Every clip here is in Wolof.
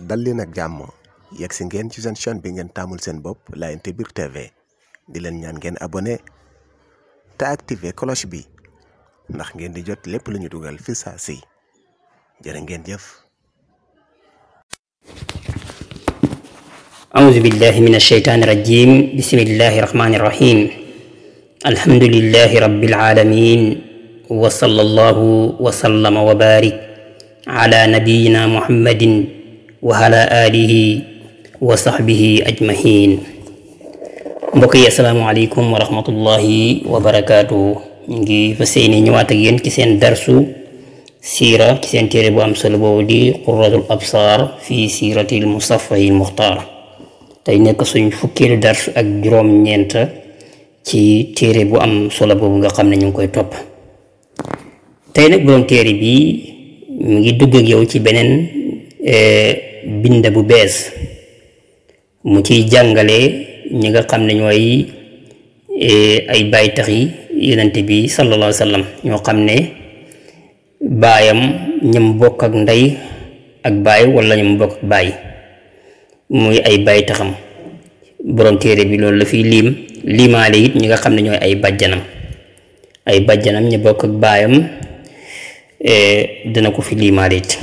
dalina leen ak jàmm yegg si ngeen ci sen chaîne bi ngeen taamul seen bopp Layenté Biir TV di len ñaan ngeen abonné ta activer cloche bi ndax ngeen di jot lépp luñu duggal fi sa si jërë ngeen jëf أعوذ بالله من الشيطان الرجيم بسم الله الرحمن الرحيم الحمد لله رب العالمين وصلى الله وسلم وبارك على نبينا محمد وعلى آله وصحبه أجمعين بقي السلام عليكم ورحمة الله وبركاته ngi fas yéene ak yéen ci seen darsu siira ci seen téere bu am solo boobu di qurratul absaar fi siiratil mustafayi muxtaar tey nekk suñ fukkeelu darsu ak juróom-ñeent ci téere bu am solo boobu nga xam ñu koy top tay bi mu ngi dugg ak yow eh, bind bu bees mu ciy jàngale ñi nga xam ne ñooy e, ay baay tax yi bi sallallahu alayhi ñoo xam ne baayam ñam bokk ak ndey ak baay wala ñam bokk ak baay muy ay baay taxam borom téere bi loolu la fiy liim liimaale it ñi nga xam ne ñooy ay bàjjanam ay bàjjanam ñi bokk ak baayam e, dana ko fi liimaale it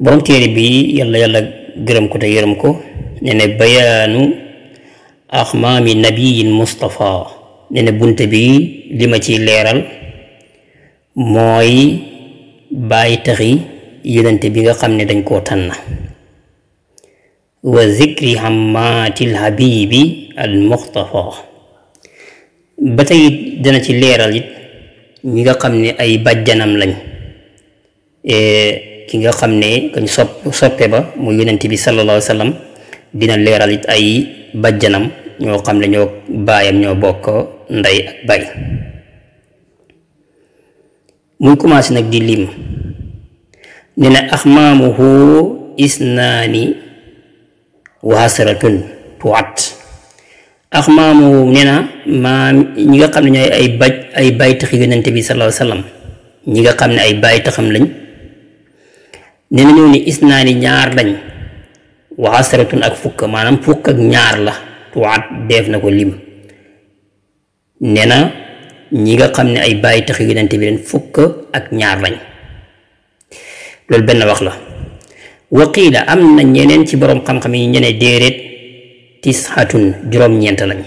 borom téere bi yàlla yàlla gërëm ko te yërëm ko ne ne bayaanu axmaami nabiyin mustafa ne ne bunt bi li ci leeral mooy bàyyi taxi yonente bi nga xam ne dañ koo tànn wa zikri hammaatil habibi al muxtafa ba tey dana ci leeral yi ñi nga xam ne ay bajjanam lañ eh, ki nga xamne ne sop sopp soppe ba mu yonent bi sallallahu alayhi wasallam dina leeral it ay bajjanam ño xam ño bayam ño bok nday ak bay muy commencé nak di lim nee ahmamuhu isnani wa hasratun tuat axmaamuhu nena ma ñi nga xamne ñoy ay baj ay bay taxi yonent bi sallallahu alayhi wasallam ñi nga xamne ay bay taxam lañ nee na ñëw ni isnaani ñaar lañ wa asratun ak fukk maanaam fukk ak ñaar la tuwaat def na ko lim ne na ñi nga xam ne ay bàyyi tax yu yonent bi leen fukk ak ñaar lañ loolu benn wax la waqiila am na ñeneen ci boroom xam-xam yi ñene déeréet tisxatun juróom-ñeent lañ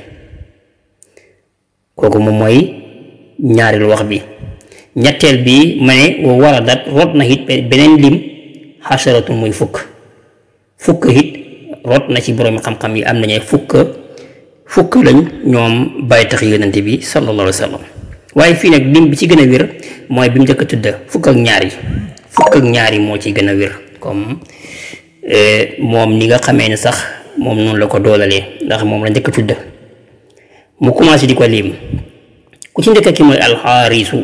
kooku moom mooy ñaareelu wax bi ñetteel bi ma ne wa waradat rot na it beneen lim xasaratu muy fukk fukk it rot na ci boroomi xam-xam yi am nañu fukk fukk lañ ñoom bàyyi tax yonent bi sallallahu alayhi waaye fii nag bi ci gën a wér mooy bi mu njëkk tudd fukk ak ñaar yi fukk ak ñaar yi moo ci gën a wér comme euh, moom ni nga xamee ne sax moom noonu la ko doolalee ndax moom la njëkk a tudd mu commencé di ko lim ku ci njëkk ki mooy alxaarisu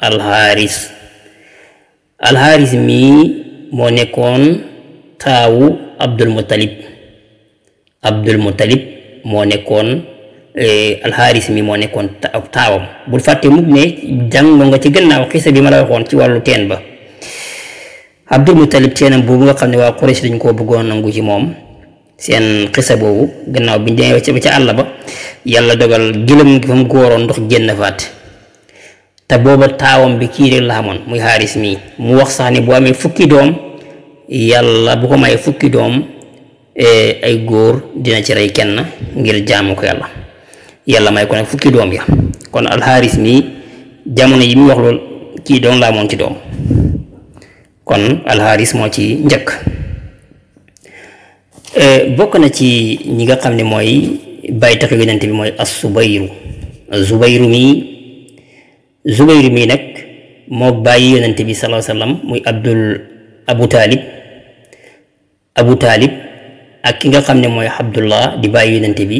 alxaaris alxaaris mii moo nekkoon taawu Abdul Muttalib Abdul Muttalib moo nekkoon eh, alxaaris mi moo nekkoon taawam bul fàtte mukk ne jàngo nga ci gannaaw xisa bi ma la waxoon ci wàllu teen ba Abdul Muttalib teenam boobu nga xam ne waa Quraysh dañ koo bëggoon nangu ci moom seen xisa boobu gannaaw biñ demee ba ca àll ba yàlla dogal gëlëm gi fa mu góoroon ndox génn faat te booba taawam bi kii rek la xamoon muy xaaris mii mu wax sax ni bu amee fukki doom yàlla bu ko may fukki doom e, ay góor dina ci kenn ngir jaamu ko yàlla yàlla may ko fukki doom ya kon alxaaris mii jamono yi mu wax lool kii doom la amoon ci doom kon alxaaris moo ci njëkk e, bokk na ci ñi nga xam ni mooy baytaxu yonent bi mooy as subayru zubayru mii Zubayr mii nag moo bàyyi yonent bi salaa sallam muy Abdul Abu Taalib Abu Taalib ak ki nga xam ne mooy Abdullah di bàyyi yonent bi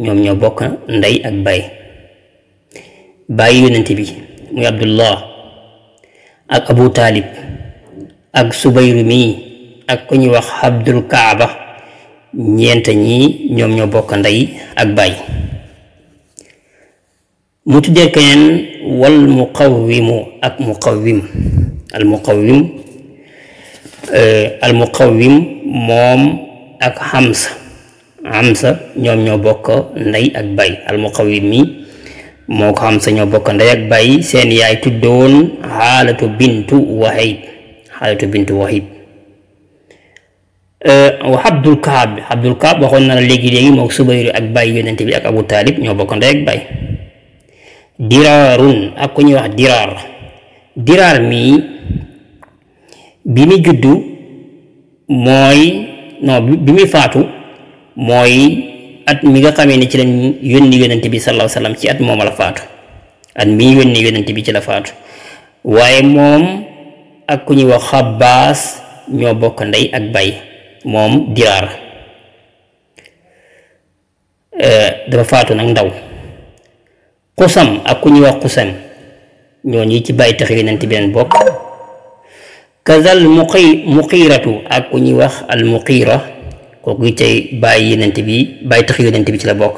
ñoom ñoo bokk ndey ak baay bàyyi yonent bi muy Abdullah ak Abu Taalib ak Zubayr mii ak ku ñuy wax Abdul Kaaba ñeent ñii ñoom ñoo bokk ndey ak baay متدكين والمقوم أك مقوم المقوم آه، المقوم موم أك حمسة حمسة نيوم نيو بوكا ناي أك باي المقوم موك حمسة نيو بوكا ناي أك باي سين ياي تدون حالة بنت وحيد حالة بنت وحيد آه، وعبد الكعب عبد الكعب وخونا لجي لجي موك سبيري أك باي يونان تبي أك أبو طالب نيو بوكا باي diraarun ak ku ñuy wax diraar diraar mii bi mu juddu mooy non bi mu faatu mooy at mi nga xame ni ci la yónni yonent bi sallallahu alayhi ci at moom la faatu at mi ñu yónni bi ci la faatu waaye moom ak ku ñuy wax xabbaas ñoo bokk ndey ak bay moom diraar dafa faatu nag ndaw xusam ak ku ñuy wax xusam ñoo ñi ci bàyyi tax yonent bi leen bokk kazal muqi muqiiratu ak ku ñuy wax al muqiira kooku it tey bàyyi yonent bi bàyyi tax yonent bi ci la bokk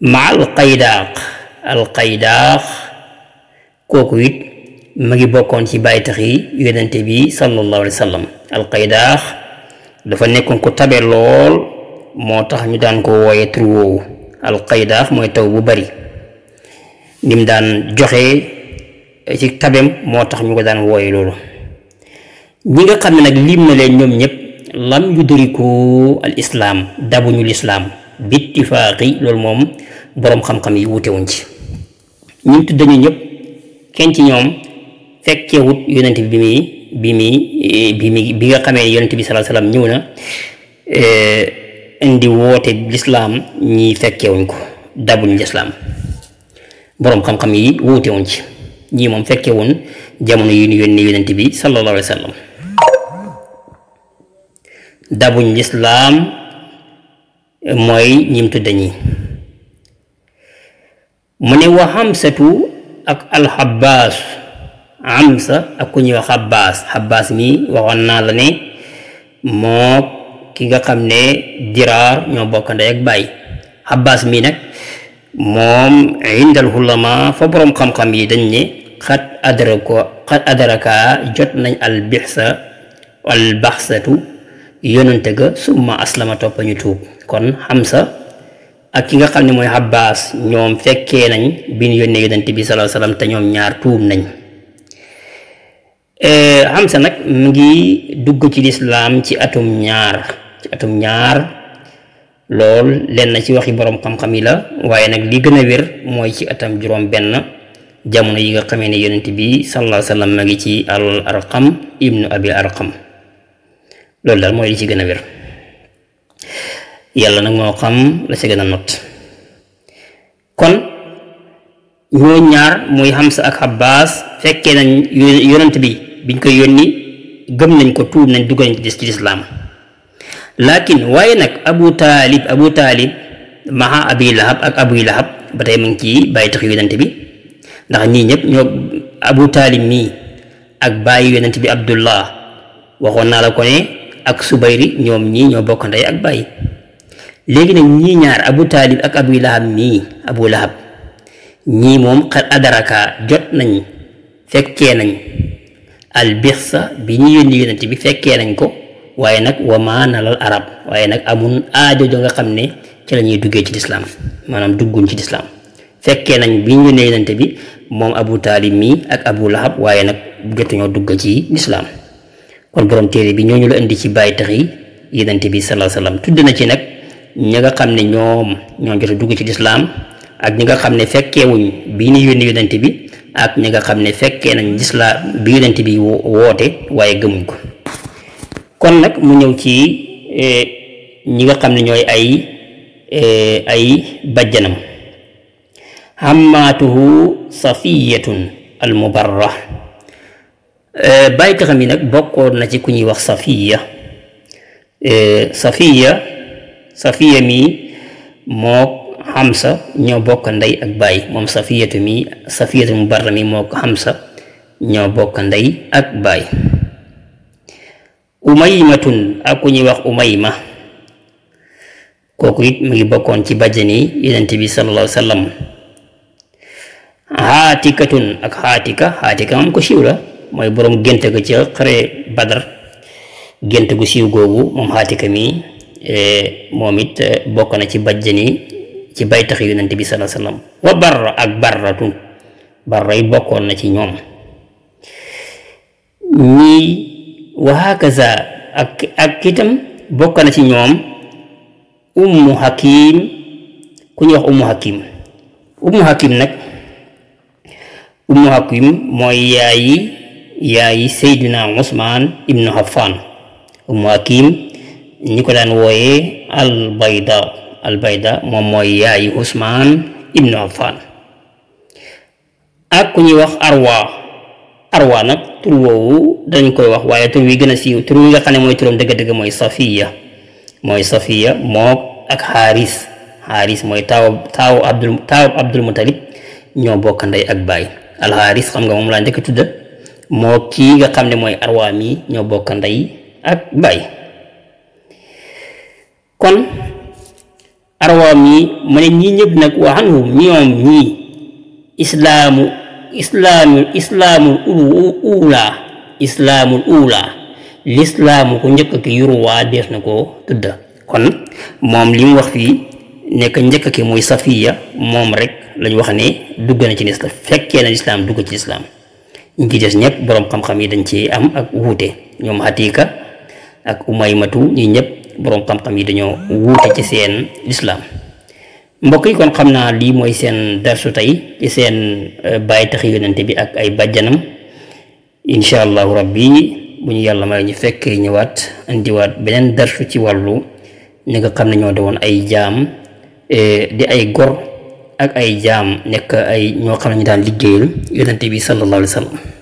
ma al kooku it bokkoon ci bàyyi yi yonent bi sallallahu alayhi wa sallam dafa nekkoon ko tabe lool moo tax ñu daan ko wooye tur woowu al mooy taw bu bari ni mu daan joxe ci tabem moo tax ñu ko daan wooye loolu ñi nga xam ne nag lim na leen ñoom ñëpp lam yudriku al islaam dabuñu lislaam bittifaaqi loolu moom boroom xam-xam yi wutewuñ ci ñu tudd ñu ñëpp kenn ci ñoom fekkewut yonent bi muy bi muy bi muy bi nga xamee yonent bi salaa salaam ñëw na eh, indi woote lislaam ñi fekkewuñ ko dabuñ lislaam boroom xam-xam yi wuute wuñ ci ñii moom fekke woon jamono nu ñu yónni yonent bi sallallahu alayhi wa sallam dabuñ lislaam mooy ñim tudda ñi mu ne wa xamsatu ak alxabaas xamsa ak ku ñuy wax xabaas xabaas mi waxoon naa la ne moo ki nga xam ne diraar ñoo bokk ndey ak bàyyi xabaas mi nag moom indal xulama fa boroom xam-xam yi dañ ne xat adarako xat adaraka jot nañ albixsa albaxsatu yonante ga summa aslama topp ñu tuub kon xamsa ak ki nga xam ne mooy xabbaas ñoom fekkee nañ bi ñu yónnee yonante bi salaa salaam te ñoom ñaar tuub nañ xamsa eh, nag mu ngi dugg ci lislaam ci atum ñaar ci atum ñaar lool lenn ci waxi borom xam-xam yi la waaye nag li gën a wér mooy ci atam juróom benn jamono yi nga xamee ne yonent bi sallallahu alayhi wasallam ma ngi ci al arqam ibnu abi arqam Lol, daal mooy li ci gën a wér yàlla nag xam la ci gën not kon ñoo ñaar muy hamsa ak habbas fekkee nañ yonent bi biñ ko yónni gëm nañ ko tuub nañ dugal ci lislaam lakin waaye nag abu taalib abu taalib maha abi lahab ak abu lahab ba tey mu ci bàyyi tax yonent bi ndax nii ñëpp ñoo abu taalib mii ak bàyyi yonent bi abdullah waxoon naa la ko ne ak subayri ñoom ñii ñoo bokk ndey ak bàyyi léegi nag ñii ñaar abu taalib ak abu lahab mii abu lahab ñii moom xar adaraka jot nañ fekkee nañ albirsa bi ñu yónni yonent bi fekkee nañ ko waaye nag wama arab waaye nag amul aajo jo nga xam ne ci la ñuy duggee ci lislaam maanaam dugguñ ci lislaam fekkee nañ bi ñu nee nante bi moom abu taalib mi ak abu lahab waaye nag jotuñoo dugg ci lislaam kon borom téere bi ñooñu la indi ci bàyyi tax yi yénante bi salaa salaam tudd na ci nag ñi nga xam ne ñoom ñoo jot a dugg ci lislaam ak ñi nga xam ne fekkeewuñ bii ñu yónnee yónante bi ak ñi nga xam ne fekkee nañ lislaam bi yónante bi woote waaye gëmuñ ko kon nag mu ñëw ci e, ñi nga xam ne ñooy ay e, ay bajjanam hammaatuhu safiyatun almubarra e, bàyyi taxam yi nag bokkoon na ci ku ñuy wax safiya safiya safiya mook moo xamsa ñoo bokk ndey ak baay moom safiyatu mi safiyatu mubarra mi moo ko xamsa ñoo bokk ndey ak baay ma umaymatun ak ku ñuy wax ma kooku it mu ngi bokkoon ci bajjani yonent bi sallallahu alayhi wa sallam xaatikatun ak xaatika xaatika moom ko siiw la mooy boroom gént ga ci xare badar gént gu siiw googu moom xaatika mi e, moom it e, bokk na ci bajjani ci baytax yonent bi sallallahu alayhi wa sallam wa barra ak barratun barra yi bokkoon na ci ñoom ñii wahakaza ak ak itam bokk na ci ñoom ummu hakim ku ñuy wax ummu hakim ummu hakim nag ummu hakim mooy yaayi yaayi seydina usman ibnu hafan ummu hakim ñi ko daan wooyee albayda albayda moom mooy yaayi usman ibnu hafan ak ku ñuy wax arwa arwa nag tur woowu danañ koy wax waaye tur gën a siiw tur wi nga xam ne mooy turam dëgg-dëgg mooy safiya mooy mook ak xaaris xaaris mooy taawu taawu abdul taawu abdul mutalib ñoo bokk ndey ak baay alxaaris xam nga moom laa njëkk tudda moo kii nga xam ne mooy arwaam yi ñoo bokk ndey ak baay kon arwaam yi mu ñii ñëpp nag waxanu ñoom ñii islaamu islaamul islaamul uula islaamul uula lislaamu ko njëkk ki yuruwaa dees na ko tudda kon moom li mu wax fii nekk njëkk ki muy safiya moom rek lañu wax ne dugg na ci lislaam fekkee na lislaam dugg ci lislaam ñi ci des ñëpp boroom xam-xam yi dañ ci am ak wuute ñoom xatiika ak umaymatu ñi ñëpp boroom xam-xam yi dañoo wuute ci seen lislaam mbokk yi kon xam naa lii mooy seen darsu tey ci seen euh, bàyyi tax yonente bi ak ay bàjjanam incha allahu rabbi bu ñu yàlla ma ñu fekkee ñëwaat indiwaat beneen darsu ci wàllu ñi nga xam ne ñoo doon ay jaam euh, di ay gor ak ay jaam nekk ay ñoo xam ne ñu daan liggéeyal yonente bi sallallahu alayhi